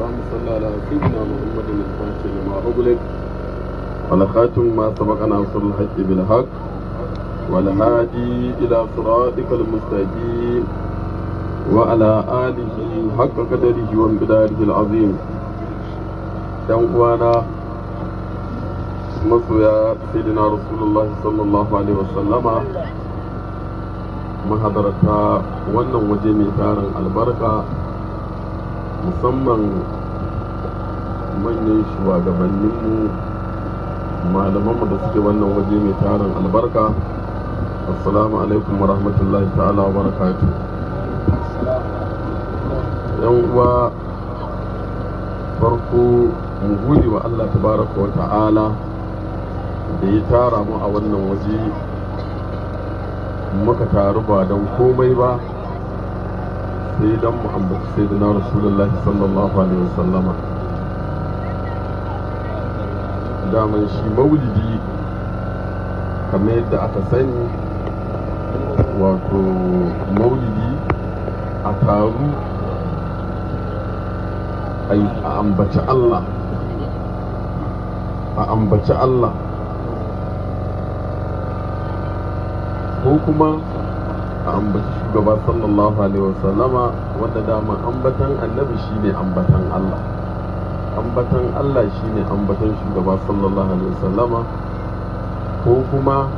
اللهم صل على سيدنا محمد الفاتح لما أغلق والخاتم ما سبق ناصر الحق بالحق والهادي إلى صراطك المستقيم وعلى آله حق قدره وامتداره العظيم uwana masoya sayyidina rasulullahi sallallahu alaihi wasallama mahadarta wannan waje mai tarin albarka musamman manyan shugabanninmu malamanmu da suke wannan waje mai tarin albarka assalamu alaikum wa rahmatullahi ta'ala wa barakatu yan uwa farko mu gode wa allah tabaraka wa ta'ala da ya tara mu a wannan waje muka taru ba don komai ba sai don mu ambaci sayyidina rasulullahi sallallahu alaihi wasallama daman shi maulidi kamar yadda aka sani wato maulidi a taru a ambaci Allah ko kuma a ambaci gaba sallallahu alaihi wasallama wanda dama ambatan annabi shine ambatan Allah ambatan Allah shine ambatan shugaba sallallahu alaihi wasallama ko kuma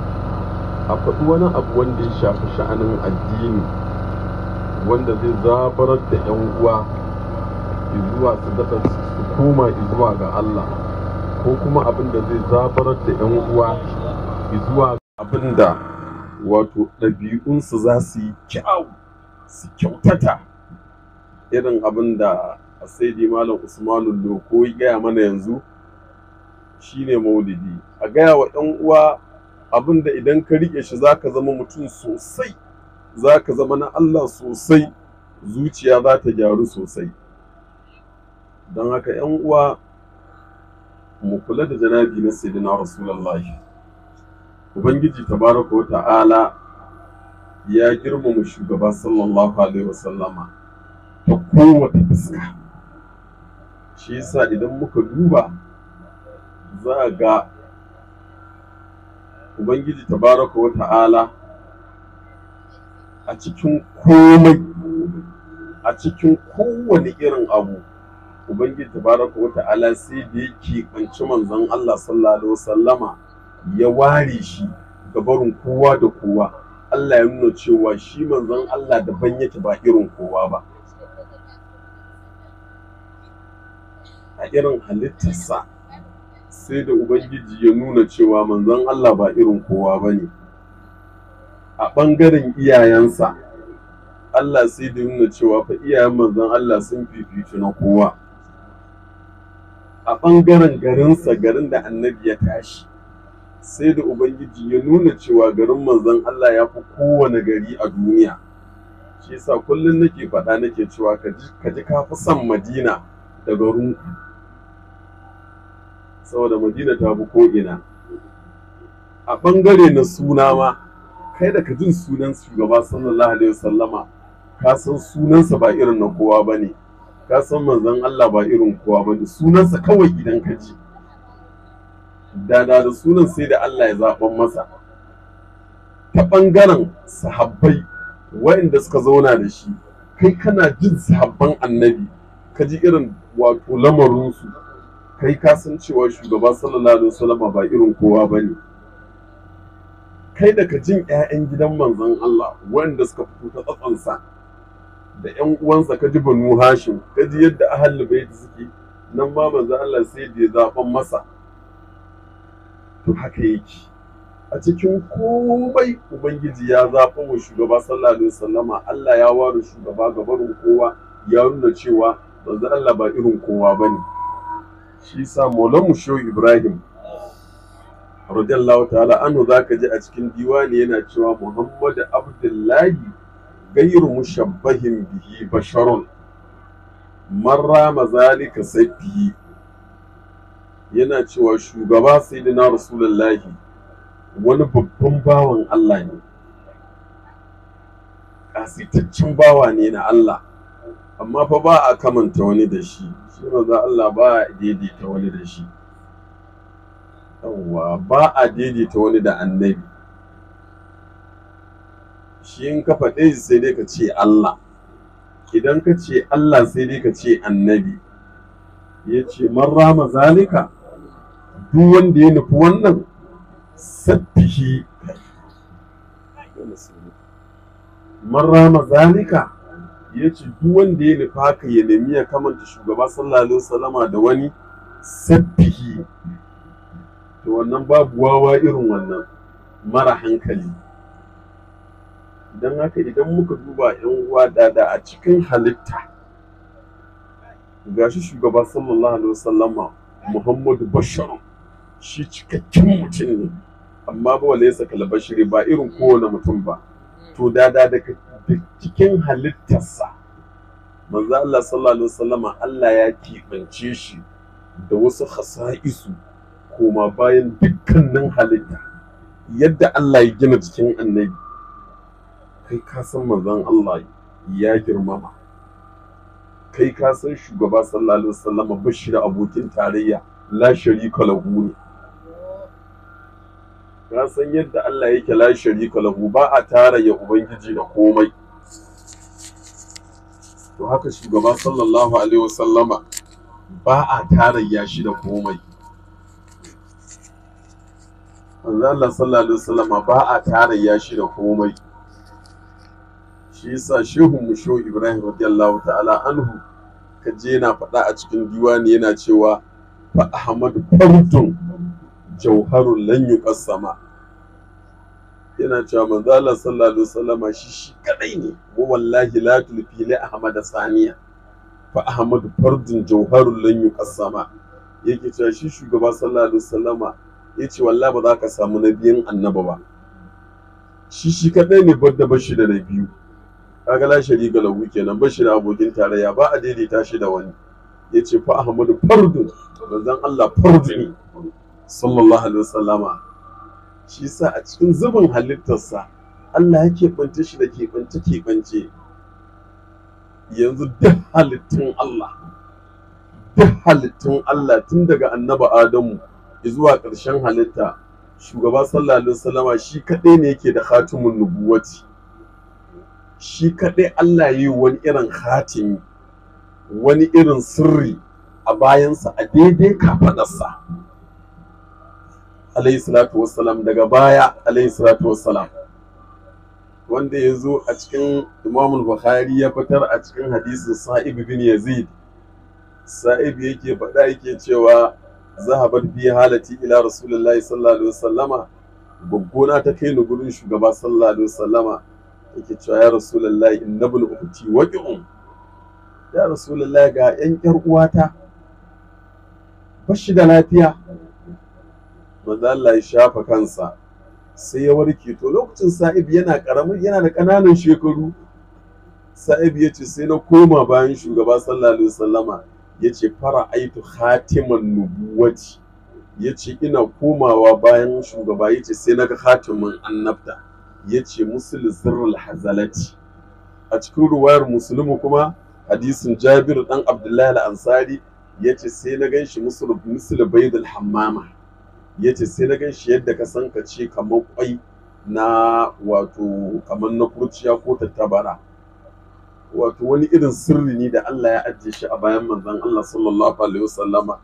a faɗi wani abu wanda ya shafi sha'anin addini wanda zai zabarar da 'yan uwa zuwa su daga su koma zuwa ga Allah ko kuma abin da zai zabarar da 'yan uwa zuwa abin da wato ɗabi'unsu za su yi kyau su kyautata irin abin da sai saidi malam usmanu loko ya gaya mana yanzu shine maulidi a gaya wa ɗan uwa abin da idan ka riƙe shi za ka zama mutum sosai za ka zama na allah sosai zuciya za ta gyaru sosai don haka 'yan uwa mu kula da janabi na sayyidina rasulallah. ubangiji tabaraka wa ta'ala ya girmama shugaba sallallahu alaihi wasallama ta kowace fuska shi yasa idan muka duba za a ga ubangiji tabaraka wa ta'ala a cikin komai a cikin kowane irin abu ubangiji tabaraka wa ta'ala sai da yake kanci manzon Allah sallallahu alaihi wasallama ya ware shi ga barin kowa da kowa Allah ya nuna cewa shi manzon Allah daban yake ba irin kowa ba a irin halittarsa sai da ubangiji ya nuna cewa manzon Allah ba irin kowa ba ne a ɓangaren iyayensa Allah sai da nuna cewa fa iyayen manzon Allah sun fifici na kowa a ɓangaren garinsa garin da annabi ya tashi sai da ubangiji ya nuna cewa garin manzon Allah ya fi kowane gari a duniya shi yasa kullum nake faɗa nake cewa ka ji ka fi son madina da garin ku. saboda madina ta fi ko'ina a ɓangare na suna ma kai da ka jin sunan shugaba sallallahu alaihi wasallama ka san sunansa ba irin na kowa ba ne ka san manzon Allah ba irin kowa ba ne sunansa kawai idan ka ji Dada da sunan sai da Allah ya zaɓan masa ta ɓangaren sahabbai waɗanda suka zauna da shi kai kana jin sahabban annabi ka ji irin wato lamarinsu kai ka san cewa shugaba sallallahu alaihi wasallam ba irin kowa ba ne kai ka jin 'ya'yan gidan manzon Allah waɗanda suka fito ta tsatsansa da 'yan uwansa ka ji banu hashim ka ji yadda ahal baiti suke nan ma manzon Allah sai da ya zaɓan masa to haka yake a cikin komai ubangiji ya zafa wa shugaba sallallahu alaihi wasallama Allah ya ware shugaba ga barin kowa ya nuna cewa banzan Allah ba irin kowa bane shi sa Maulana Musho Ibrahim radiyallahu ta'ala anhu zaka ji a cikin diwani yana cewa Muhammadu Abdullahi gairu mushabbahin bihi basharun marra mazalika zalika yana cewa shugaba sai na rasulullahi wani babban bawan Allah ne kasitaccen bawa ne na Allah amma fa ba a kamanta wani da shi shi maza Allah ba a daidaita wani da shi yawwa ba a daidaita wani da annabi shi in ka faɗe sai dai ka ce Allah idan ka ce Allah sai dai ka ce annabi ya ce man rama zalika duk wanda ya nufi wannan sabbihi marrama zalika ya ce duk wanda ya nufi haka ya nemi ya kamanta shugaba sallallahu alaihi da wani sabbihi to wannan babu wawa irin wannan mara hankali don haka idan muka duba yan uwa da a cikin halitta gashi shugaba sallallahu alaihi wasallama muhammadu basharun. shi cikakken mutum ne amma ba wale saka labashiri ba irin kowane mutum ba to da da daga cikin halittarsa manzo Allah sallallahu alaihi wasallama Allah ya kibance shi da wasu khasa'isu koma bayan dukkanin halitta yadda Allah ya gina cikin annabi kai ka san manzon Allah ya girmama kai ka san shugaba sallallahu alaihi wasallama bashi abokin tarayya la sharika lahu ne ka san yadda Allah yake la sharika lahu ba a tara ya ubangiji da komai to haka shugaba sallallahu alaihi wasallama ba a ya shi da komai Allah sallallahu alaihi wasallama ba a ya shi da komai shi yasa shehu musho Ibrahim radiyallahu ta'ala anhu kaje yana faɗa a cikin diwani yana cewa fa Ahmad fardun jauharun lan yuqassama yana cewa manzo Allah sallallahu alaihi wasallama shi shi kadai ne wa wallahi la tulfi li ahmad saniya fa ahmad fardun jauharun lan yuqassama yake cewa shi shugaba sallallahu alaihi wasallama yace wallahi ba za ka samu nabiyin annaba ba shi shi kadai ne bar da bashi da nabiyu kaga la ga lahu kenan bashi da abokin tarayya ba a daidaita shi da wani yace fa ahmad fardun manzon Allah fardu ne sallallahu alaihi wasallama shi sa a cikin zubin halittarsa Allah ya keɓance shi da keɓance keɓance yanzu duk halittun Allah duk halittun Allah tun daga Annabi Adamu zuwa ƙarshen halitta shugaba sallallahu alaihi wasallama shi kaɗai ne yake da khatimun nubuwati shi kaɗai Allah yi wani irin hatimi wani irin sirri a bayansa a daidai kafaɗarsa alaihi salatu wassalam daga baya alaihi salatu wassalam wanda ya zo a cikin imamul bukhari ya fitar a cikin hadisin sa'ib bin yazid sa'ib yake faɗa yake cewa zahabar bi halati ila rasulullahi sallallahu alaihi wasallama gwaggona ta kai ni gurin shugaba sallallahu alaihi wasallama yake cewa ya rasulullahi innabul ukhti waqi'un ya rasulullahi ga yan yar uwata bashi da lafiya manzo Allah ya shafa kansa sai ya warke to lokacin sa'ib yana karamin yana da ƙananan shekaru sa'ib ya ce sai na koma bayan shugaba sallallahu alaihi wasallama ya ce fara aitu khatiman nubuwati ya ce ina komawa bayan shugaba ya ce sai na ga hatiman annabta ya ce musul zirrul hazalati a cikin ruwayar musulmi kuma hadisin jabir dan abdullahi al-ansari ya ce sai na gan shi musul baydul hammama ya ce sai na gan shi yadda ka san ka ce kamar kwai na wato kamar na kurciya ko tattabara wato wani irin sirri ne da Allah ya ajiye shi a bayan manzon Allah sallallahu alaihi wasallama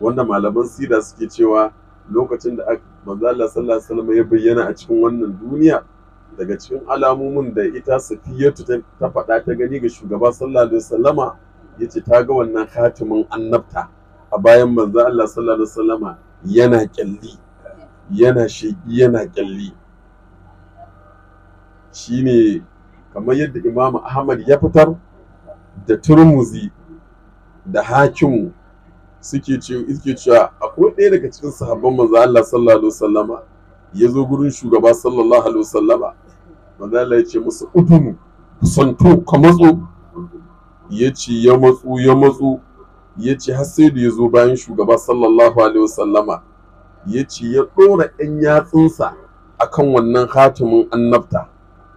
wanda malaman sira suke cewa lokacin da manzon Allah sallallahu alaihi wasallama ya bayyana a cikin wannan duniya daga cikin alamomin da ita safiyatu ta faɗa ta gani ga shugaba sallallahu alaihi wasallama yace ta ga wannan khatimin annabta a bayan manzo Allah sallallahu alaihi wasallama yana kyalli yana sheki yana kyalli shine kamar yadda Imam Ahmad ya fitar da Tirmidhi da Hakim suke ce suke cewa akwai ɗaya daga cikin sahabban manzo Allah sallallahu alaihi wasallama ya zo gurin shugaba sallallahu alaihi wasallama manzo Allah ya ce musu udunu kusanto ka matso ya ce ya matsu ya matsu ya ce har sai da ya zo bayan shugaba sallallahu alaihi wasallama ya ce ya ɗora ɗan yatsunsa a kan wannan hatimin annabta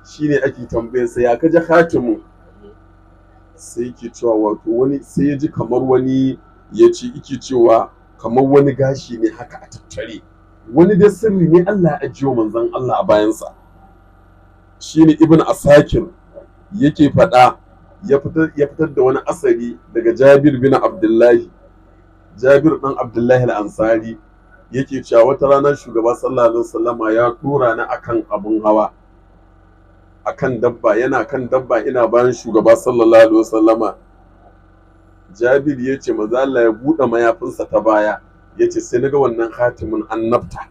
shi ne ake tambayarsa ya kaji hatimin sai ke cewa wato wani sai ya ji kamar wani ya ce ike cewa kamar wani gashi ne haka a tattare wani dai sirri ne Allah ya ajiyo manzon Allah a bayansa shi ne ibn asakir yake faɗa ya fitar da wani asari daga jabir bin abdullahi jabir dan abdullahi al-ansari yake cewa wata rana shugaba sallallahu alaihi wasallama ya tura ni akan abun hawa akan dabba yana kan dabba ina bayan shugaba sallallahu alaihi wasallama jabir ya ce maza Allah ya buɗe mayafinsa ta baya ya ce sai naga wannan hatimin annabta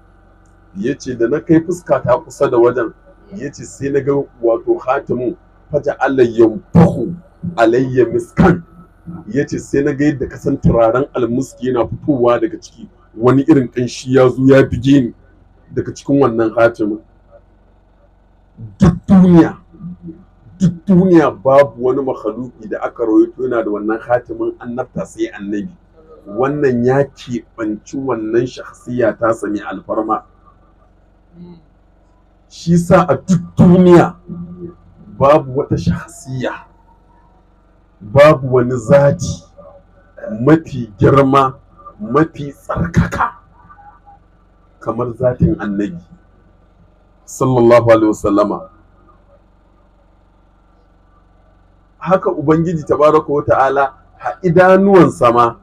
ya ce da na kai fuska ta kusa da wajen ya ce sai naga wato hatimin faja Allah yau. Allahu alayya miskan yace sai na ga yadda kasan turaren almuski yana fitowa daga ciki wani irin kanshi ya zo ya bige ni daga cikin wannan hatimin duk duniya duniya babu wani makhaluki da aka rawaito yana da wannan hatimin annabta sai annabi wannan ya keɓanci wannan shahsiya ta sami alfarma shi sa a duk duniya babu wata shahsiya babu wani zati mafi girma mafi tsarkaka kamar zatin annabi sallallahu alaihi wasallama haka ubangiji tabaraka wa ta'ala a idanuwan sama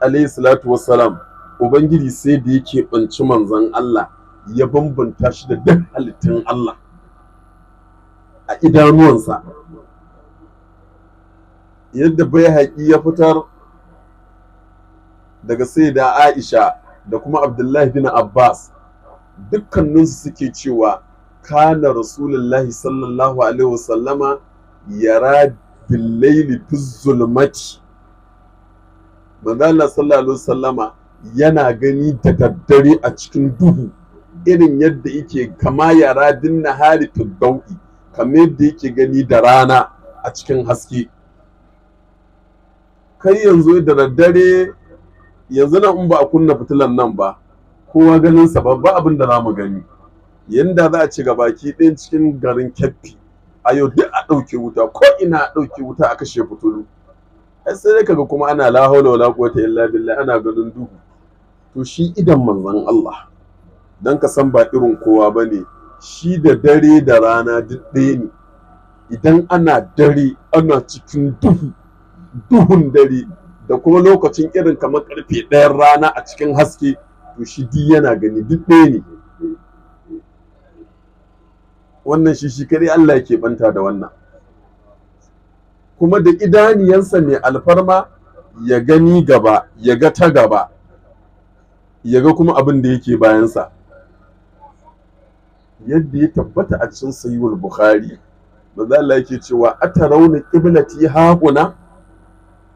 alaihi salatu wassalam ubangiji sai da yake banci manzon Allah ya bambanta shi da duk halittun Allah a idanuwansa yadda bai haƙi ya fitar daga sai da aisha da kuma abdullahi bin abbas dukkaninsu suke cewa kana rasulullahi sallallahu alaihi wasallama yara billaili fi zulmaci manzala sallallahu alaihi wasallama yana gani da daddare a cikin duhu irin yadda yake kama yara dinna hari kama kamar yadda yake gani da rana a cikin haske kai yanzu da daddare yanzu nan in ba a kunna fitilan nan ba kowa ganin sa ba, ba abin da mu gani yanda za a ci ki ɗayan cikin garin kyaffi a yau duk a ɗauke wuta ko ina a ɗauke wuta a kashe fitulu ai sai dai kaga kuma ana la haula wala quwwata illa billah ana ganin duhu to shi idan manzon Allah dan ka san ba irin kowa bane shi da dare da rana duk ɗaya ne idan ana dare ana cikin duhu duhun dare da kuma lokacin irin kamar karfe ɗayan rana a cikin haske to shi di yana gani duk ɗaya ne wannan shi shi kare Allah ke banta da wannan kuma da idaniyansa mai alfarma ya gani gaba ya ga ta gaba ya ga kuma abin da yake bayansa yadda ya tabbata a cikin sayuwar bukhari ba za Allah yake cewa a ta rauni qiblati haƙuna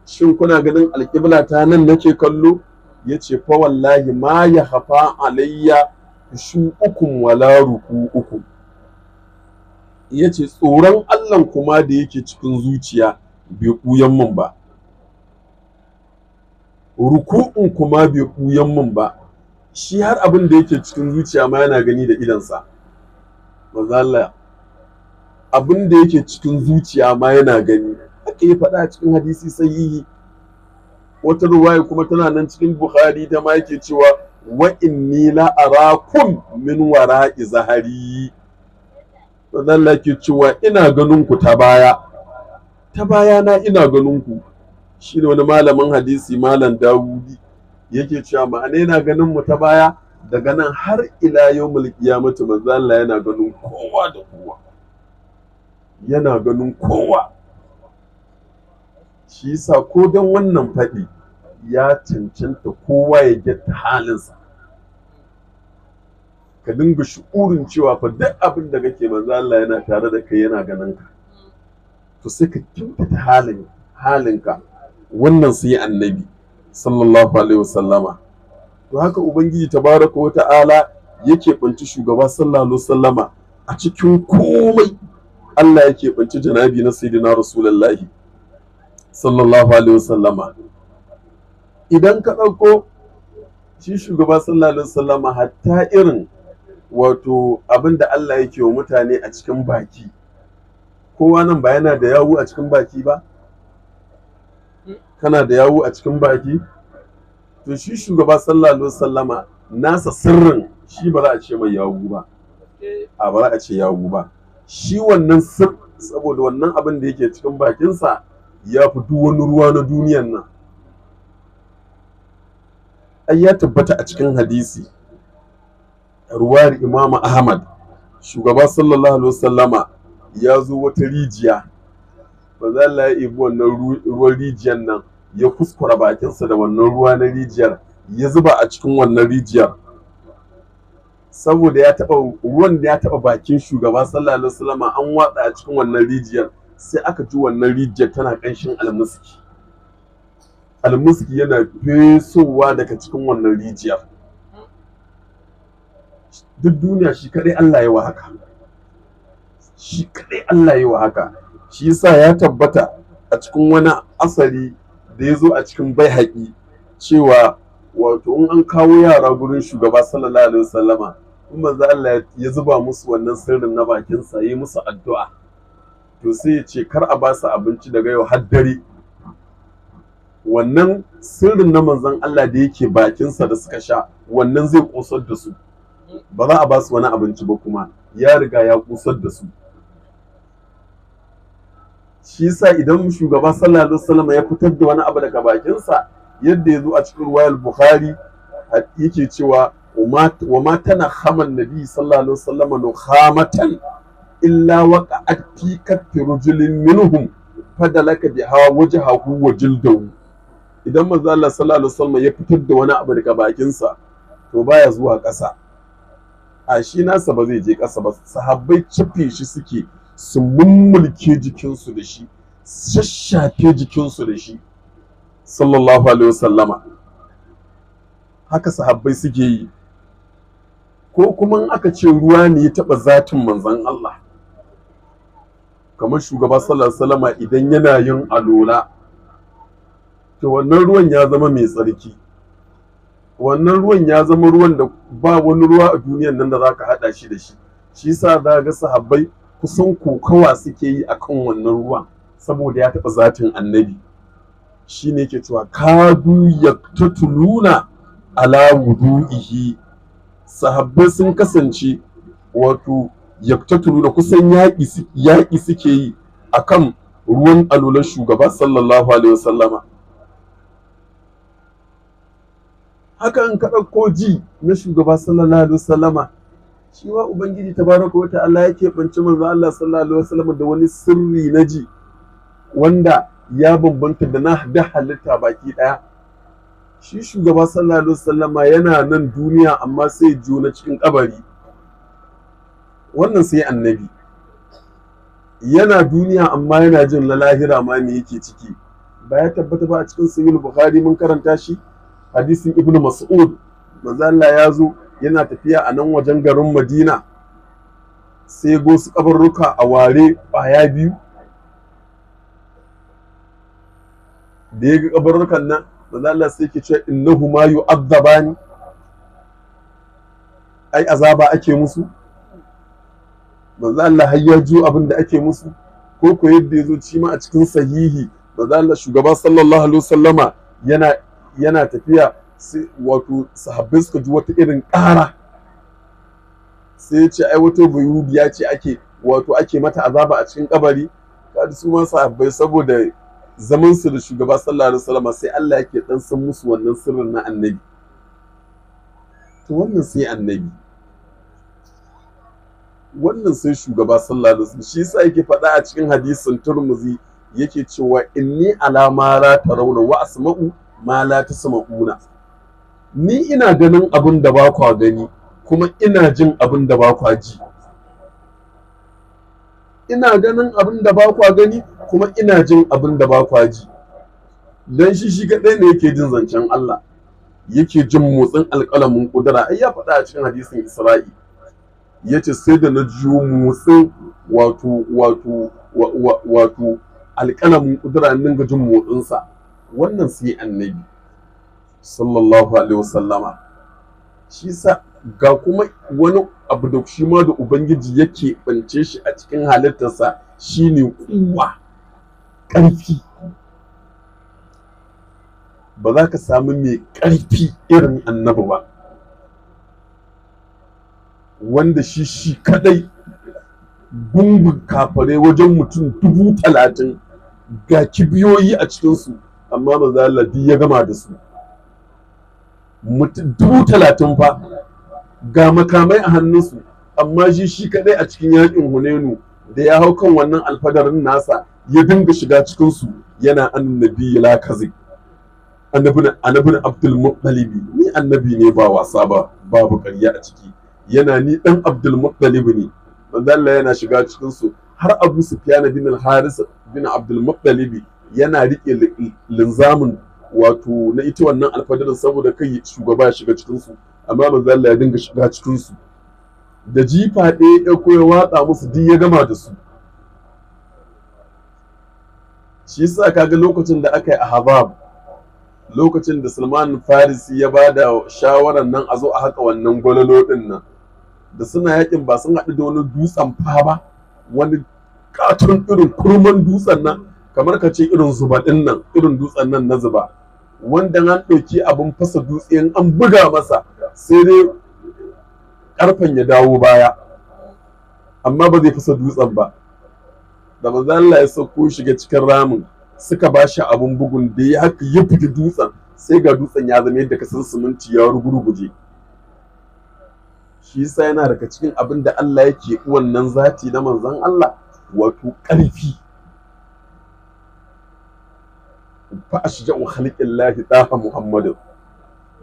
shin kuna ganin alƙibla ta nan nake kallo ya ce fa wallahi ma ya hafa alayya shi ukun wala ruku ukun ya ce tsoron allah kuma da yake cikin zuciya bai ɓuyan min ba ruku'un kuma bai ɓuyan min ba shi har abin da yake cikin zuciya ma yana gani da idansa mazala abin da yake cikin zuciya ma yana gani aka yi faɗa cikin hadisi sahihi wata ruwaya kuma tana nan cikin bukhari da ma yake cewa wa inni la arakum min wara'i zahari la ke cewa ina ganin ku ta baya ta baya na ina ganin ku shi wani malamin hadisi malam dawudi yake cewa ma'ana yana ganin mu ta baya daga nan har ila yawmul qiyamati manzo Allah yana ganin kowa da kowa yana ganin kowa shi yasa ko don wannan faɗi ya cancanta kowa ya gyata halinsa ka dinga shu'urin cewa fa duk abin da kake manzo Allah yana tare da kai yana ganin ka to sai ka halin halinka wannan sai annabi sallallahu alaihi wasallama to haka ubangiji tabaraka wa ta'ala yake banci shugaba sallallahu alaihi wasallama a cikin komai Allah yake banci janabi na sayyidina rasulullahi sallallahu alaihi wasallama idan ka ɗauko shi shugaba sallallahu alaihi wasallama hatta irin wato abin da Allah yake wa mutane a cikin baki kowa nan ba yana da yawu a cikin baki ba kana da yawu a cikin baki to shi shugaba sallallahu alaihi wasallama nasa sirrin shi ba za a ce mai yawu ba a ba za a ce yawu ba shi wannan sir saboda wannan abin da yake cikin bakinsa ya fi duk wani ruwa na duniyan nan ai ya tabbata a cikin hadisi ruwar imam ahmad shugaba sallallahu alaihi wasallama ya zo wata rijiya ba za la yi wannan ruwan rijiyar nan ya kuskura bakinsa da wannan ruwa na rijiyar ya zuba a cikin wannan rijiyar saboda ya taba ruwan da ya taba bakin shugaba sallallahu alaihi wasallama an watsa a cikin wannan rijiyar sai aka ji wannan rijiyar tana ƙanshin almusiki almusiki yana fesowa daga cikin wannan rijiyar duk duniya shi kaɗai Allah yi wa haka shi kaɗai Allah yi wa haka shi yasa ya tabbata a cikin wani asali da ya zo a cikin bai haƙi cewa wato in an kawo yara gurin shugaba sallallahu alaihi wasallama in manzo Allah ya zuba musu wannan sirrin na bakinsa yi musu addu'a to sai ya ce kar a ba su abinci daga yau har dare wannan sirrin na manzon Allah da yake bakinsa da suka sha wannan zai kosar da su ba za a ba su wani abinci ba kuma ya riga ya kusar da su shi yasa idan shugaba sallallahu alaihi wasallam ya fitar da wani abu daga bakinsa yadda ya zo a cikin ruwayar bukhari yake cewa wa ma tana haman nabi sallallahu alaihi wasallam no khamatan illa waqa'at fi kaffi rajulin minhum fadalaka biha wajhahu wa jildahu idan manzo Allah sallallahu alaihi wasallam ya fitar da wani abu daga bakinsa to baya zuwa ƙasa a shi nasa ba zai je ƙasa ba sahabbai cife shi suke su mummulke jikinsu da shi shashafe jikinsu da shi sallallahu alaihi wasallama haka sahabbai suke yi ko kuma aka ce ruwa ne ya taɓa zatin manzon Allah kamar shugaba sallallahu alaihi idan yana yin alola to wannan ruwan ya zama mai tsarki wannan ruwan ya zama ruwan da ba wani ruwa a duniyan nan da zaka ka haɗa shi da shi shi yasa za ga sahabbai kusan kokawa suke yi akan wannan ruwan saboda ya taɓa zatin annabi shine ne ke cewa kadu yaktatuluna ala wudu'ihi sahabbai sun kasance wato tunu da kusan yaƙi suke yi akan ruwan alolan shugaba sallallahu alaihi wasallama haka in ka ji na shugaba sallallahu alaihi wasallama shi ma ubangiji tabaraka wata Allah ya keɓance manzo Allah sallallahu alaihi wasallama da wani sirri na ji wanda ya bambanta da na da halitta baki ɗaya shi shugaba sallallahu alaihi wasallama yana nan duniya amma sai juna cikin kabari wannan sai annabi yana duniya amma yana jin na lahira ma me yake ciki ba ya tabbata ba a cikin sahih bukhari mun karanta shi hadisin ibnu mas'ud manzo Allah ya zo yana tafiya a nan wajen garin madina sai go su kabarruka a ware ya biyu da ya ga kabarrukan nan manzo Allah sai ke ce innahu ma ai azaba ake musu manzo Allah har ya ji abin da ake musu ko ko yadda yazo ci ma a cikin sahihi manzo Allah shugaba sallallahu alaihi wasallama yana yana tafiya sai wato sahabbai suka ji wata irin ƙara sai ya ce ai wata bayudiya ce ake wato ake mata azaba a cikin kabari kada su ma sahabbai saboda zaman su da shugaba sallallahu alaihi wasallama sai Allah yake dan san musu wannan sirrin na annabi to wannan sai annabi wannan sai shugaba sallallahu alaihi wasallam shi yasa yake faɗa a cikin hadisin turmuzi yake cewa inni ala ma la tarawna wa asma'u ma la tasma'una ni ina ganin abin da ba kwa gani kuma ina jin abin da ba kwa ji ina ganin abin da ba kwa gani kuma ina jin abin da ba kwa ji dan shi shi kaɗai ne yake jin zancen Allah yake jin motsin alƙalamin kudura ai ya faɗa a cikin hadisin Isra'i ya ce sai da na jiyo motsin wato wato wato alƙalamin ƙudura nan ga jin motsinsa wannan sai annabi sallallahu alaihi wasallama shi sa ga kuma wani abu da shi ma da ubangiji yake bance shi a cikin halittarsa shine kuwa ƙarfi ba za ka samu mai ƙarfi irin annabi ba wanda shi shi kadai gungun kafare wajen mutum dubu talatin ga kibiyoyi a cikinsu amma za ladi ya gama da su dubu talatin fa ga makamai a hannunsu amma shi shi kadai a cikin yakin hunenu da ya hau kan wannan alfadarin nasa ya dinga shiga cikinsu yana annabi ya lakazi annabi na abdul ni annabi ne ba wasa ba babu karya a ciki yana ni dan Abdul Muttalib ne manzo yana shiga cikin su har Abu Sufyan bin al-Haris bin Abdul Muttalib yana rike linzamin wato na ita wannan alfadarin saboda kai shugaba ya shiga cikin su amma manzo Allah ya dinga shiga cikin su da jifa ɗaya ya koya watsa musu duk ya gama da su shi yasa kaga lokacin da aka yi a Habab lokacin da Salman Farisi ya ba da shawarar nan a zo a haka wannan gwalolo din nan da suna yakin ba sun haɗu da wani dutsen fa ba wani katon irin kurman dutsen nan kamar ka ce irin zuba ɗin nan irin dutsen nan na zuba wanda an ɗauki abin fasa dutse an buga masa sai dai ƙarfen ya dawo baya amma ba zai fasa dutsen ba da manzo Allah ya sauko shiga cikin ramin suka ba shi abin bugun da ya haka ya fita dutsen sai ga dutsen ya zama yadda kasan san siminti ya rugurguje shi yasa yana daga cikin abin da Allah yake wannan zati na manzon Allah wato ƙarfi fa ashja'u khalqillahi taha muhammadin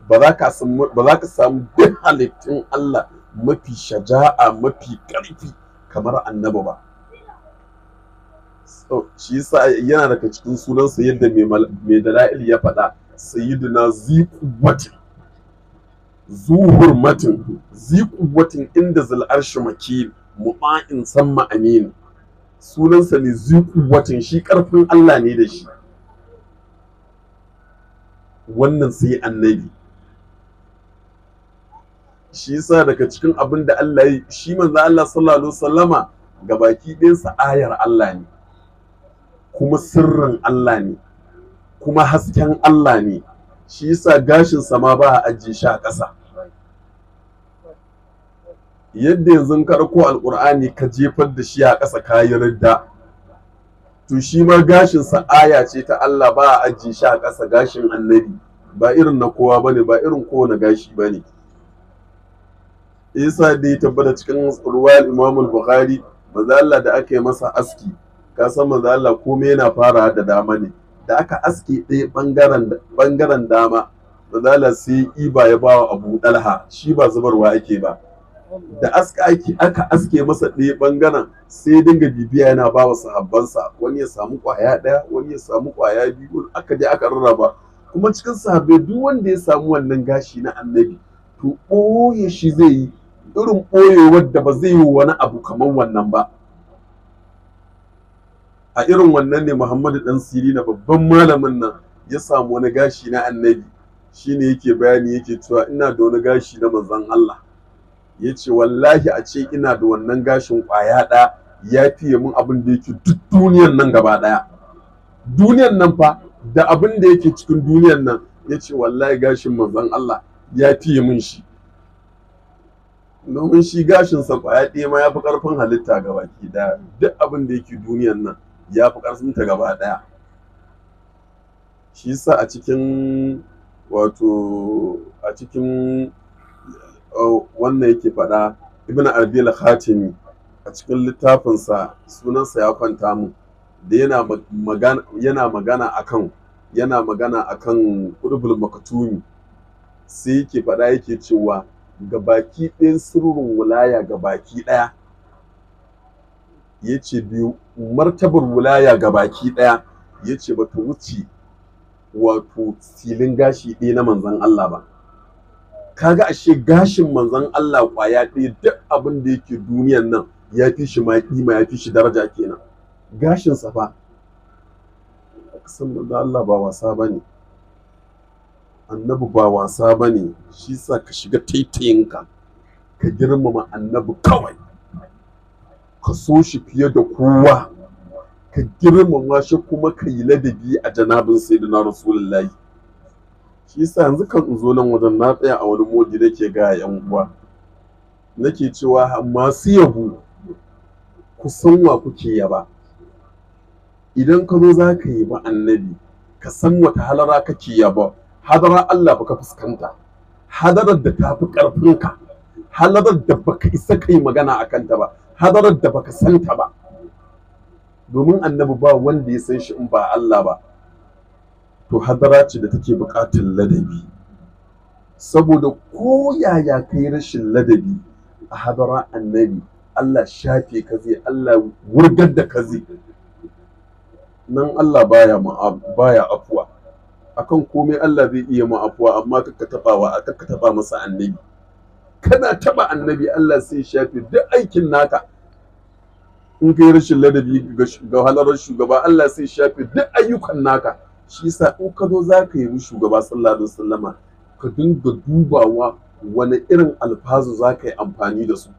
ba za ka samu ba za ka samu duk halittun Allah mafi shaja'a mafi ƙarfi kamar annabi ba shi yasa yana daga cikin sunansa yadda mai dala'il ya faɗa sayyiduna ziqu zuhur matin ziku watin inda zal'arshi makil mu'a'in samma amin sunansa ne ziku watin shi ƙarfin Allah ne da shi wannan sai annabi shi yasa daga cikin abinda da Allah yi shi manzo Allah sallallahu alaihi wasallama gabaki ɗayansa ayar Allah ne kuma sirrin Allah ne kuma hasken Allah ne shi yasa gashin sama ba a ajiye shi a ƙasa yadda yanzu ka alkur'ani ka jefar da shi a ƙasa kayi ridda to shi ma gashin sa aya ce ta Allah ba a ajiye shi a ƙasa gashin annabi ba irin na kowa bane ba irin kowane gashi bane isa da ya tabbata cikin ruwayar imam al-bukhari manzo Allah da aka yi masa aski ka san manzo Allah komai yana fara da dama ne da aka aski ɗaya bangaren dama manzo Allah sai iba ya bawa Abu Dalha shi ba zubarwa ake ba da aska aiki aka aske masa ɗaya bangaren sai dinga bibiya yana ba wa sahabbansa wani ya samu kwaya ɗaya wani ya samu kwaya biyu aka je aka rarraba kuma cikin sahabbai duk wanda ya samu wannan gashi na annabi to ɓoye shi zai yi irin ɓoyewar da ba zai yi wani abu kamar wannan ba a irin wannan ne muhammadu dan siri na babban malamin nan ya samu wani gashi na annabi shine yake bayani yake cewa ina da wani gashi na manzon Allah ya ce wallahi a ce ina da wannan gashin ƙwaya ɗaya ya fiye min abin da yake duk duniyan nan gaba ɗaya duniyan nan fa da abin da yake cikin duniyan nan ya ce wallahi gashin manzon Allah ya fiye min shi domin shi gashin sa ƙwaya ɗaya ma ya fi ƙarfin halitta gaba ki ɗaya duk abin da yake duniyan nan ya fi ƙarfin ta gaba ɗaya shi yasa a cikin wato a cikin Oh, wannan yake faɗa ibn arbil khatimi a cikin littafinsa sunansa ya kwanta mu da yana magana yana magana akan yana magana akan qudbul maktumi sai yake faɗa yake cewa ga baki ɗayan sirrin wilaya ga baki ɗaya ya ce biyu martabar wilaya ga baki ɗaya ya ce ba ta wuce wato silin gashi ɗaya na manzon Allah ba kaga ashe gashin manzon Allah kwaya ɗaya duk abin da yake duniyan nan ya fi shi ma kima ya fi shi daraja kenan gashin sa fa san Allah ba wasa bane annabi ba wasa bane shi sa ka shiga taitayinka ka girmama annabi kawai ka so shi fiye da kowa ka girmama shi kuma ka yi ladabi a janabin sayyidina rasulullahi shi yasa yanzu kan in zo nan wajen na tsaya a wani modi nake ga yan uwa nake cewa masu yabo ku san wa kuke yaba idan ka zo za ka yi ba annabi ka san wata halara kake yaba hadara Allah baka fuskanta hadarar da ta fi ka, hadarar da baka isa kai magana a kanta ba hadarar da baka santa ba domin annabi ba wanda ya san shi in ba Allah ba to hadara ce da take buƙatar ladabi saboda ko yaya kai rashin ladabi a hadara annabi Allah shafe ka zai Allah wurgar da ka zai nan Allah baya baya afuwa akan komai Allah zai iya ma afuwa amma ka tabawa aka ka taba masa annabi kana taba annabi Allah sai shafe duk aikin naka in kai rashin ladabi ga halarar shugaba Allah sai shafe duk ayyukan naka shi yasa in ka zo za ka yi shugaba sallallahu alaihi wasallama ka dinga dubawa wani irin alfazu za ka yi amfani da su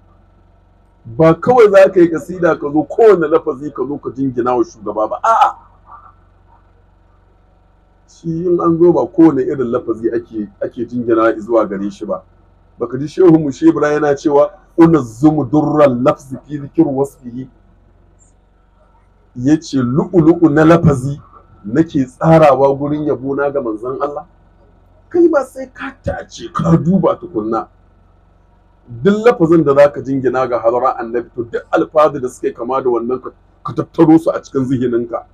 ba kawai za ka yi kasida ka zo kowane lafazi ka zo ka jingina wa shugaba ba a'a shi in an zo ba kowane irin lafazi ake ake jingina zuwa gare shi ba baka ji shehu mu shebra yana cewa unazzumu durran lafzi fi zikir wasfihi yace lu'ulu'u na lafazi nake tsarawa gurin yabo na ga manzon Allah kai ba sai ka tace ka duba tukunna duk lafazin da zaka jingina ga hadara annabi to duk alfadu da suke kama da wannan ka tattaro su a cikin zihininka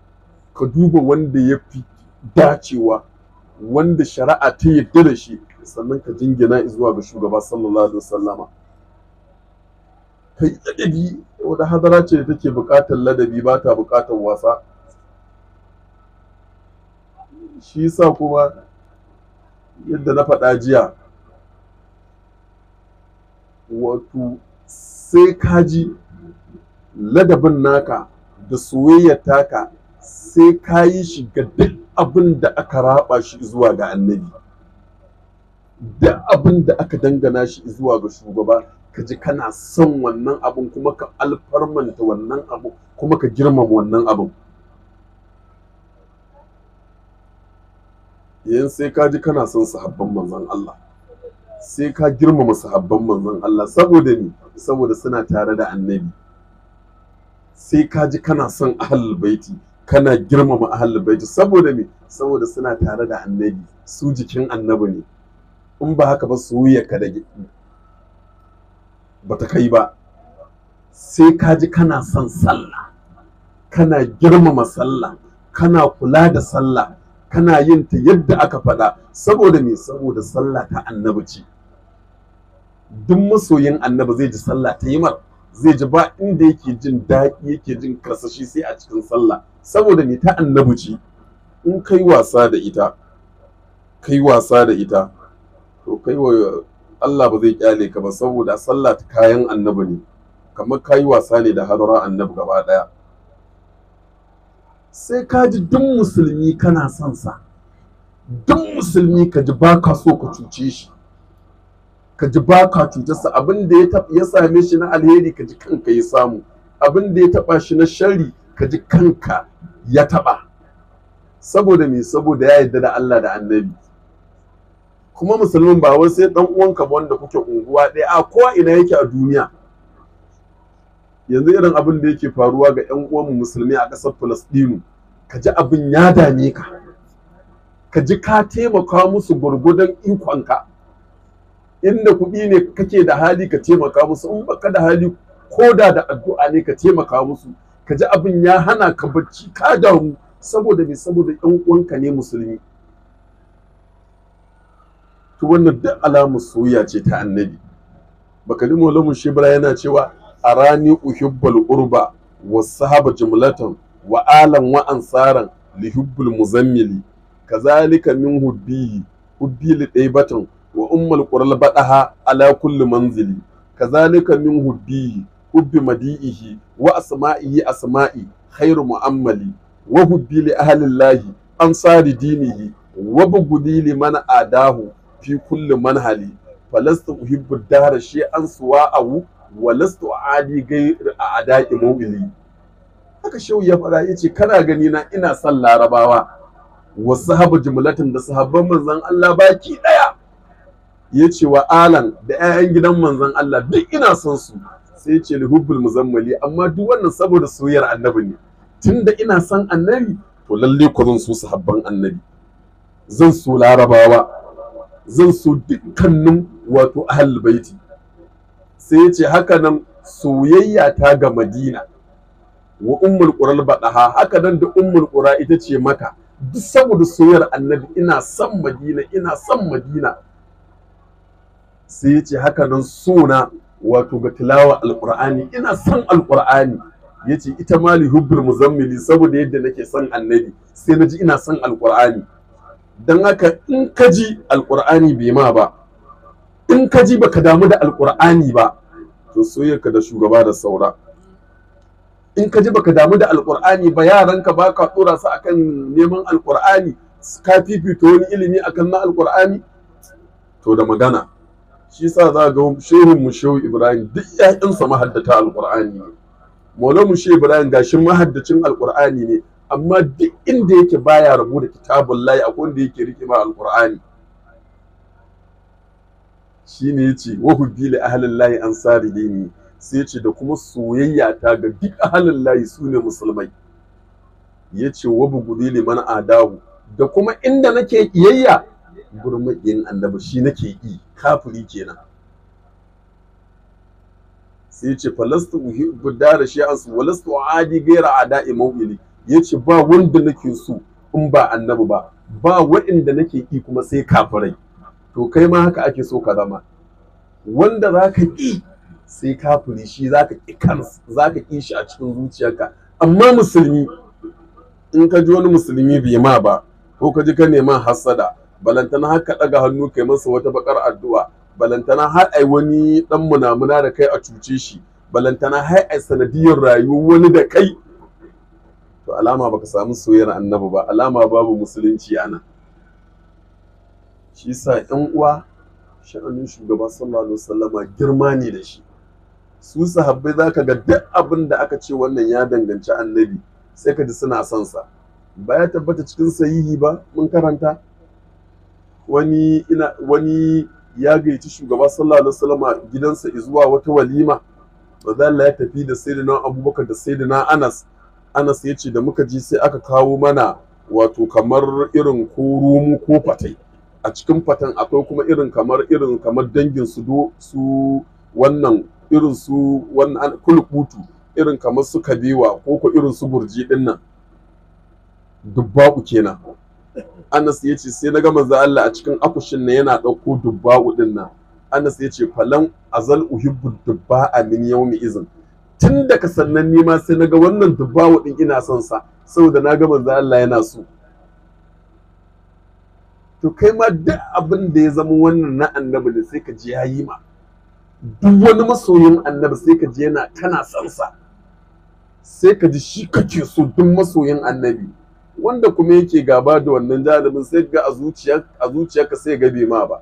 ka duba wanda ya fi dacewa wanda shari'a ta yadda da shi sannan ka jingina zuwa ga shugaba sallallahu alaihi wasallama kai ladabi wata hadara ce da take buƙatar ladabi ba ta buƙatar wasa shi yasa kuma yadda na faɗa jiya wato sai ka ji ladabin naka da soyayyar taka sai ka yi shi ga duk abin da aka raba shi zuwa ga annabi duk abin da aka dangana shi zuwa ga shugaba ka ji kana son wannan abin kuma ka alfarmanta wannan abin kuma ka girmama wannan abin yin sai ka ji kana son sahabban manzon Allah sai ka girmama sahabban manzon Allah saboda ni saboda suna tare da annabi sai ka ji kana son ahlul baiti kana girmama ahlul baiti saboda me saboda suna tare da annabi su jikin annabi ne in ba haka ba su ka da bata kai ba sai ka ji kana son sallah kana girmama sallah kana kula da sallah kana yin ta yadda aka faɗa saboda me saboda sallah ta annabi duk masoyin annabi zai ji sallah ta yimar zai ji ba inda yake jin daɗi yake jin karsashi sai a cikin sallah saboda me ta annabi in kai wasa da ita kai wasa da ita to kai wa Allah ba zai kyale ka ba saboda sallah kayan annabi ne kamar kai wasa ne da hadara annabi gaba ɗaya sai ka ji duk musulmi kana son sa duk musulmi ka ji ba ka so ka cuce shi ka ji ba ka cutarsa abin da ya same shi na alheri ka ji kanka ya samu abin da ya taba shi na shari ka ji kanka ya taba saboda me saboda ya yarda da Allah da annabi kuma musulmin ba wai sai dan uwanka ba wanda kuke unguwa ɗaya a ko ina yake a duniya yanzu irin abin da yake faruwa ga 'yan uwanmu musulmi a ƙasar Falastinu ka ji abin ya dame ka ka ji ka taimaka musu gwargwadon ikonka inda kuɗi ne kake da hali ka taimaka musu in baka da hali ko da da addu'a ne ka taimaka musu kaji abin ya hana ka bacci ka damu saboda me saboda 'yan uwanka ne musulmi to wannan duk alamar soyayya ce ta annabi baka ji shibra yana cewa arani uhibbul urba wa sahaba jumlatan wa alam wa ansaran li hubbul muzammili kazalika min hubbi hubbi li daibatan wa ummul qural badaha ala kulli manzili kazalika min hubbi hubbi madiihi wa asma'i asma'i khairu muammali wa hubbi li ahli allah ansari dinihi wa bugudi li man adahu fi kulli manhali falastu uhibbu dara shi an walastu adi gai a adaki mawili haka shehu ya fara yace kana gani na ina son larabawa wa sahabu jumlatin da sahabban manzon Allah baki daya yace wa alan da 'ya'yan gidan manzon Allah duk ina son su sai yace lihubbul muzammali amma duk wannan saboda soyar annabi ne tunda ina son annabi to lalle ku zan so sahabban annabi zan so larabawa zan so dukkanin wato ahlul baiti sai ya ce haka nan soyayya ta ga madina wa ummul qural badaha haka nan da ummul qura ita ce maka duk saboda soyayyar annabi ina san madina ina san madina sai ya ce haka nan sona wato ga tilawa alqur'ani ina son alqur'ani yace ita ma li hubbul muzammili saboda yadda nake son annabi sai naji ina san alqur'ani dan haka in ka ji alqur'ani bai ma ba in ka ji baka damu da alkur'ani ba to soyayyarka da shugaba da saura in ka ji baka damu da alkur'ani ba yaranka ba ka dora su akan neman alkur'ani ka fifita wani ilimi akan na alkur'ani to da magana shi sa za ga shehun mu shehu ibrahim duk ƴaƴansa mahaddata alkur'ani ne maulan mu shehu ibrahim gashin mahaddacin alkur'ani ne amma duk inda yake baya rabu da layi akwai wanda yake rike ma alkur'ani shine yace wa hubbili ahlil lahi ansari dini sai yace da kuma soyayya ta ga duk ahlil lahi sune musulmai yace wa ne liman adahu da kuma inda nake kiyayya gurmakin annabi shi nake yi kafiri kenan sai yace falastu gudara shi as walastu adi gaira ada'i mawili yace ba wanda nake so in ba annabi ba ba waɗanda nake yi kuma sai kafirai to kai ma haka ake so ka zama wanda za ka ƙi sai kafiri shi za ka ƙi za ka ƙi shi a cikin zuciyarka amma musulmi in ka ji wani musulmi bai ma ba ko ka ji ka nema hassada balantana har ka ɗaga hannu kai masa wata bakar addu'a balantana har ai wani ɗan munamuna da kai a cuce shi balantana har ai sanadiyar rayuwar wani da kai to alama baka samu soyayyar annabi ba alama babu musulunci ana. shi sa uwa sha'anin shugaban sallallahu alaihi wasallama girma ne da shi su sahabbai zaka ga duk abin da aka ce wannan ya danganci annabi sai ka ji suna son sa ba ya tabbata cikin sahihi ba mun karanta wani ina wani ya gayyaci shugaba sallallahu alaihi wasallama gidansa zuwa wata walima manzo ya tafi da sayyidina Abubakar da sayyidina Anas Anas ya ce da muka ji sai aka kawo mana wato kamar irin ko ko fatai a cikin fatan akwai kuma irin kamar irin kamar dangin su su wannan irin su wannan irin kamar su kabewa ko ko irin su burji din nan dubba'u kenan Anas ya ce sai na ga manzo Allah a cikin akushin na yana ɗauko dubba'u din nan Anas ya ce falan azal uhibbu dubba'a min yawmi izin tun da ka sannan nima sai na ga wannan dubba'u din ina son sa saboda na ga manzo Allah yana so to kai ma duk abin da ya zama wannan na annabi da sai ka ji ya yi ma duk wani masoyin annabi sai ka ji yana tana son sa sai ka ji shi kake so duk masoyin annabi wanda kuma yake gaba da wannan jarumin sai ga a zuciya a zuciyarka sai ga bai ma ba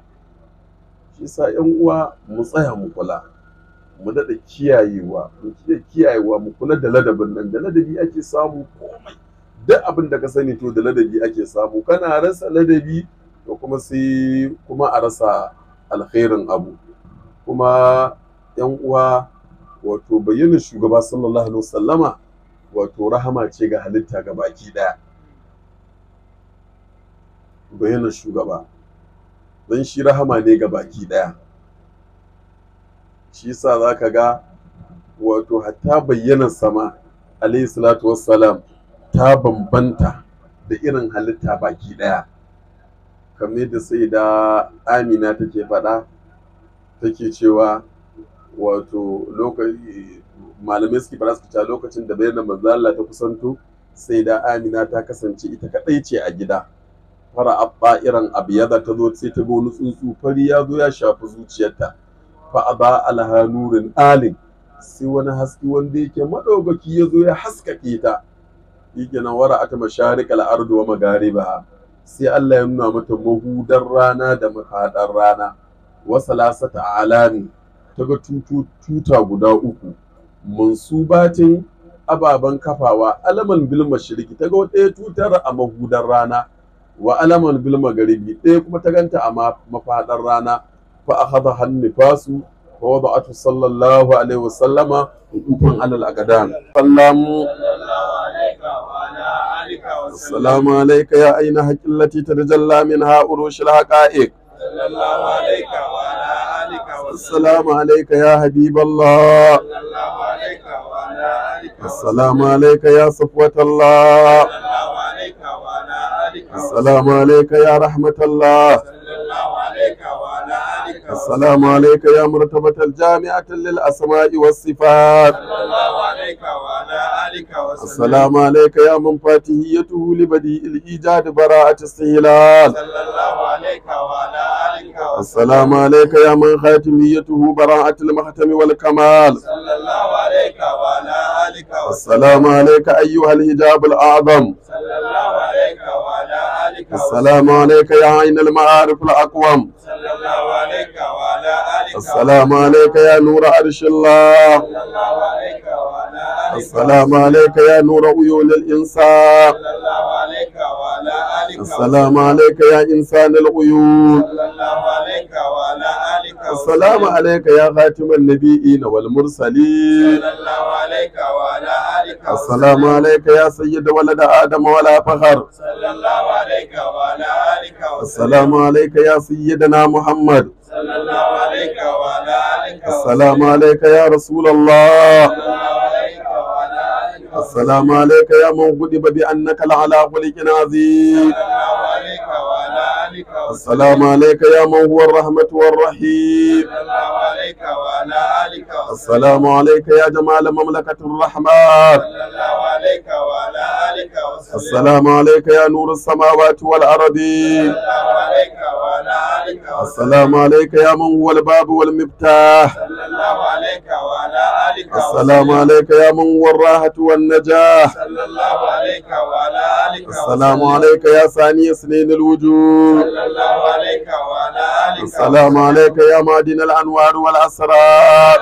shi sa yan uwa mu tsaya mu kula mu dada kiyayewa mu kiyaye kiyayewa mu kula da ladabin nan da ladabi ake samu komai duk abin da ka sani to da ladabi ake samu kana rasa ladabi to kuma sai kuma a rasa alkhairin abu kuma yan uwa wato bayyana shugaba sallallahu alaihi wasallama wato rahama ce ga halitta ga baki daya bayyana shugaba don shi rahama ne ga baki daya shi yasa zaka ga wato hatta bayyana sama alaihi salatu wassalam ta bambanta da irin halitta baki daya kamar yadda sai da amina take faɗa take cewa wato lokaci malamai suke fara suka lokacin da bayan manzo Allah ta kusanto sai da amina ta kasance ita kadai ce a gida fara abba irin abiyada ta zo sai ta ga wani tsuntsu fari ya zo ya shafi zuciyarta fa aba alha nurin alin sai wani haske wanda yake madaukaki ya zo ya haskake ta yake nan wara ata masharik ardu wa magaribaha sai Allah ya nuna mata mahudar rana da mahaɗar rana wa lasata alani ta ga tuta guda uku mansubatin ababen kafawa alaman bilma shirki ta ga ɗaya tutar a mahudar rana wa alaman bilma garibi ɗaya kuma ta ganta a mafadar rana fa akhadha hannifasu fa wada'atu sallallahu alaihi wasallama ukun alal aqdam sallallahu alaihi wa sallam. السلام عليك يا أين حق التي تتجلى منها أروش الحقائق الله عليك وعلى آلك السلام عليك يا حبيب الله السلام عليك يا صفوة الله السلام عليك يا رحمة الله السلام عليك يا مرتبة الجامعة للأسماء والصفات الله عليك وعلى آلك وسلم السلام عليك يا من فاتهيته لبديء الإيجاد براءة السهلال صلى الله عليك وعلى آلك وسلم السلام عليك يا من خاتميته براءة المختم والكمال صلى الله عليك وعلى آلك وسلم السلام عليك أيها الهجاب الأعظم صلى الله عليك وعلى آلك وسلم السلام عليك يا عين المعارف الأقوم السلام عليك يا نور عرش الله السلام عليك يا نور عيون الإنسان السلام عليك يا إنسان العيون السلام عليك يا خاتم النبيين والمرسلين السلام عليك يا سيد ولد آدم ولا فخر السلام عليك يا سيدنا محمد السلام عليك يا رسول الله السلام عليك يا من غضب بأنك لعلى خلق عظيم السلام عليك يا من هو الرحمة والرحيم السلام عليك يا جمال مملكة الرحمن السلام عليك يا نور السماوات والأرض السلام عليك يا من هو الباب والمفتاح الله عليك وعلى آلك السلام عليك يا منور الراحة والنجاح صلى الله عليك وعلى آلك السلام عليك يا ثاني سنين الوجود صلى الله عليك وعلى آلك السلام عليك يا مادين الأنوار والأسرار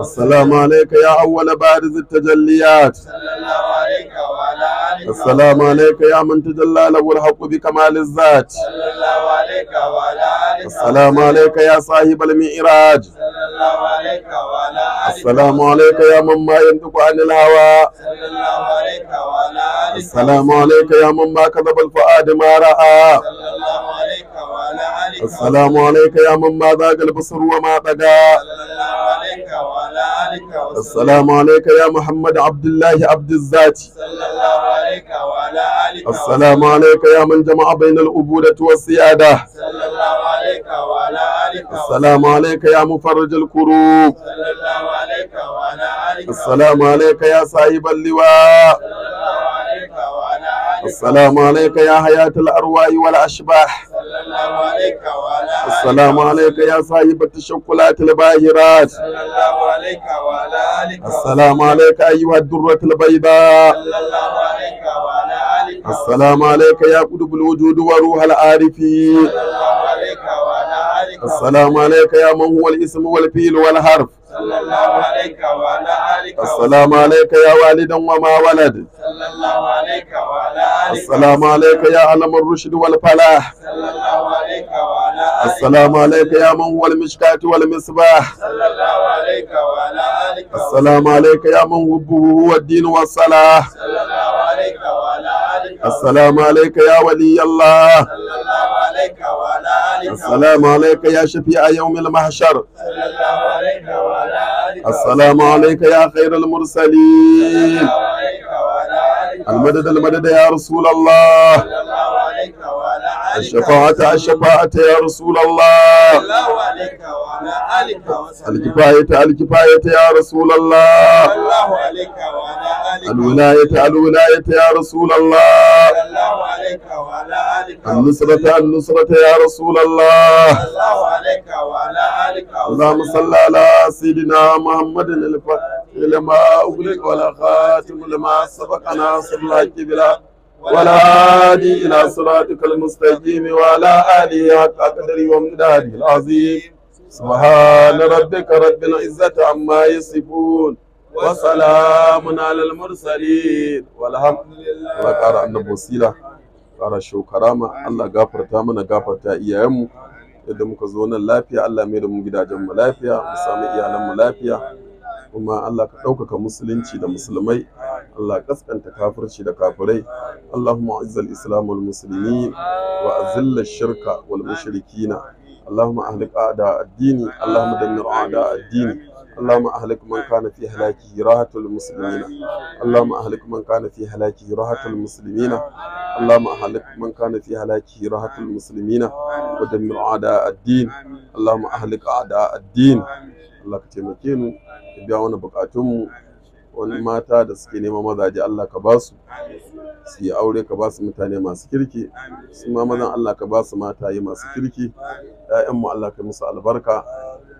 السلام عليك يا أول بارز التجليات صلى الله عليك وعلى آلك السلام عليك يا من تجلى له الحق بكمال الذات صلى الله عليك وعلى آلك السلام عليك يا صاحب الميزان min iraj assalamu alayka ya ma yantiqu an al hawa assalamu alayka ya ma kadhaba al fuad ma السلام عليك يا من ما ذاق البصر وما طغى السلام عليك يا محمد عبد الله عبد الذات السلام عليك يا من جمع بين الأبودة والسيادة السلام عليك يا مفرج الكروب السلام عليك يا صاحب اللواء السلام عليك يا حياة الأرواح والأشباح sallallahu alaika ya sahibat shukulat al bahirat sallallahu alayka wa ala alihi assalamu alayka ayuha durrat ya qutub al wujud wa ruh al arifi sallallahu ya man huwa filuwal harf sallallahu alaika wa ala alika assalamu alaika ya walidan wa ma walad sallallahu alaika wa ala alika assalamu alaika ya alamar rushd wal falah sallallahu alaika wa ala alika ya man wal mishkat wal misbah sallallahu alaika wa ala alika assalamu alaika ya man hubbu wad din was salah السلام عليك يا ولي الله السلام عليك يا شفيع يوم المحشر السلام عليك يا خير المرسلين المدد المدد يا رسول الله الشفاعة الشفاعة يا رسول الله الكفاية الكفاية يا رسول الله الولاية الولاية يا رسول الله النصرة النصرة يا رسول الله اللهم صل على سيدنا محمد الفاتح لما أغلق ولا خاتم لما سبق ناصر لك بلا ولا هادي إلى صراطك المستقيم ولا آلي حق قدري وامدادي العظيم سبحان ربك رب العزة عما يصفون وسلام على المرسلين والحمد لله وقرأ النبو سيرة ƙara shaukarama Allah gafarta mana gafarta غفر yadda muka zo nan lafiya Allah mai da mu gidajenmu lafiya mu samu iyalanmu kuma Allah ka ɗaukaka musulunci da musulmai Allah kaskanta kafurci da kafirai Allahumma azzal islam wal musulmi wa azilla shirka wal mushrikina Allahumma ahlik a'da addini Allahumma dammir a'da addini Allahumma ahlik man kana fi halaki rahatul muslimina Allahumma ahlik man kana fi halaki rahatul muslimina Allahumma ahlik man kana fi halaki rahatul muslimina wa dammir a'da addini Allahumma ahlik a'da addini Allah ka taimake mu ka biya wani bukatunmu wani mata da suke neman mazaje Allah ka basu su yi aure ka basu mutane masu kirki su ma mazan Allah ka basu mata yi masu kirki mu Allah ka musu albarka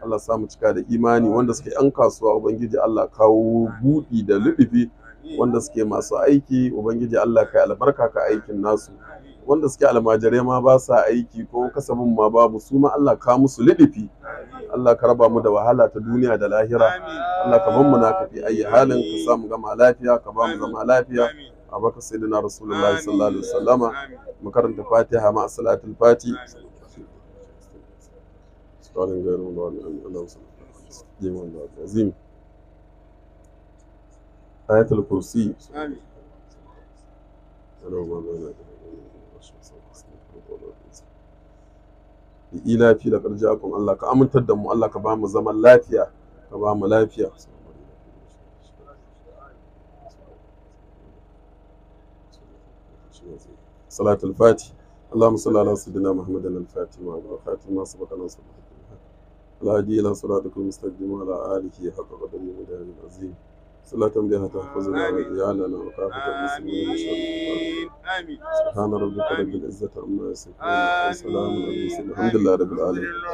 Allah sa mu cika da imani wanda suke yan kasuwa ubangiji Allah kawo buɗi da luɗufi wanda suke masu aiki ubangiji Allah ka albarka ka aikin nasu wanda suke almajirai ma ba sa aiki ko kasabin ma babu su ma Allah ka musu lidifi Allah ka raba mu da wahala ta duniya da lahira Allah ka ban mu na kafi ayi halin ka sa mu gama lafiya ka ba mu zama lafiya a baka sayyidina rasulullah sallallahu alaihi wasallama mu karanta fatiha ma salatul fati قال غير مضاد أنا ديوان عظيم آية الكرسي آمين ila fi da karja'akum Allah ka amintar da mu Allah ka ba mu zaman lafiya ka ba mu lafiya salatul fati اللهم صل على سيدنا محمد الفاتح وعلى خاتم ما سبق نصر الهادي الى صراطك المستقيم وعلى اله حق قدره ودار العظيم لا تمدينا تحفظنا واجعلنا وكافة المسلمين آمين سبحان ربك رب العزة عما يصفون على المرسلين الحمد لله رب العالمين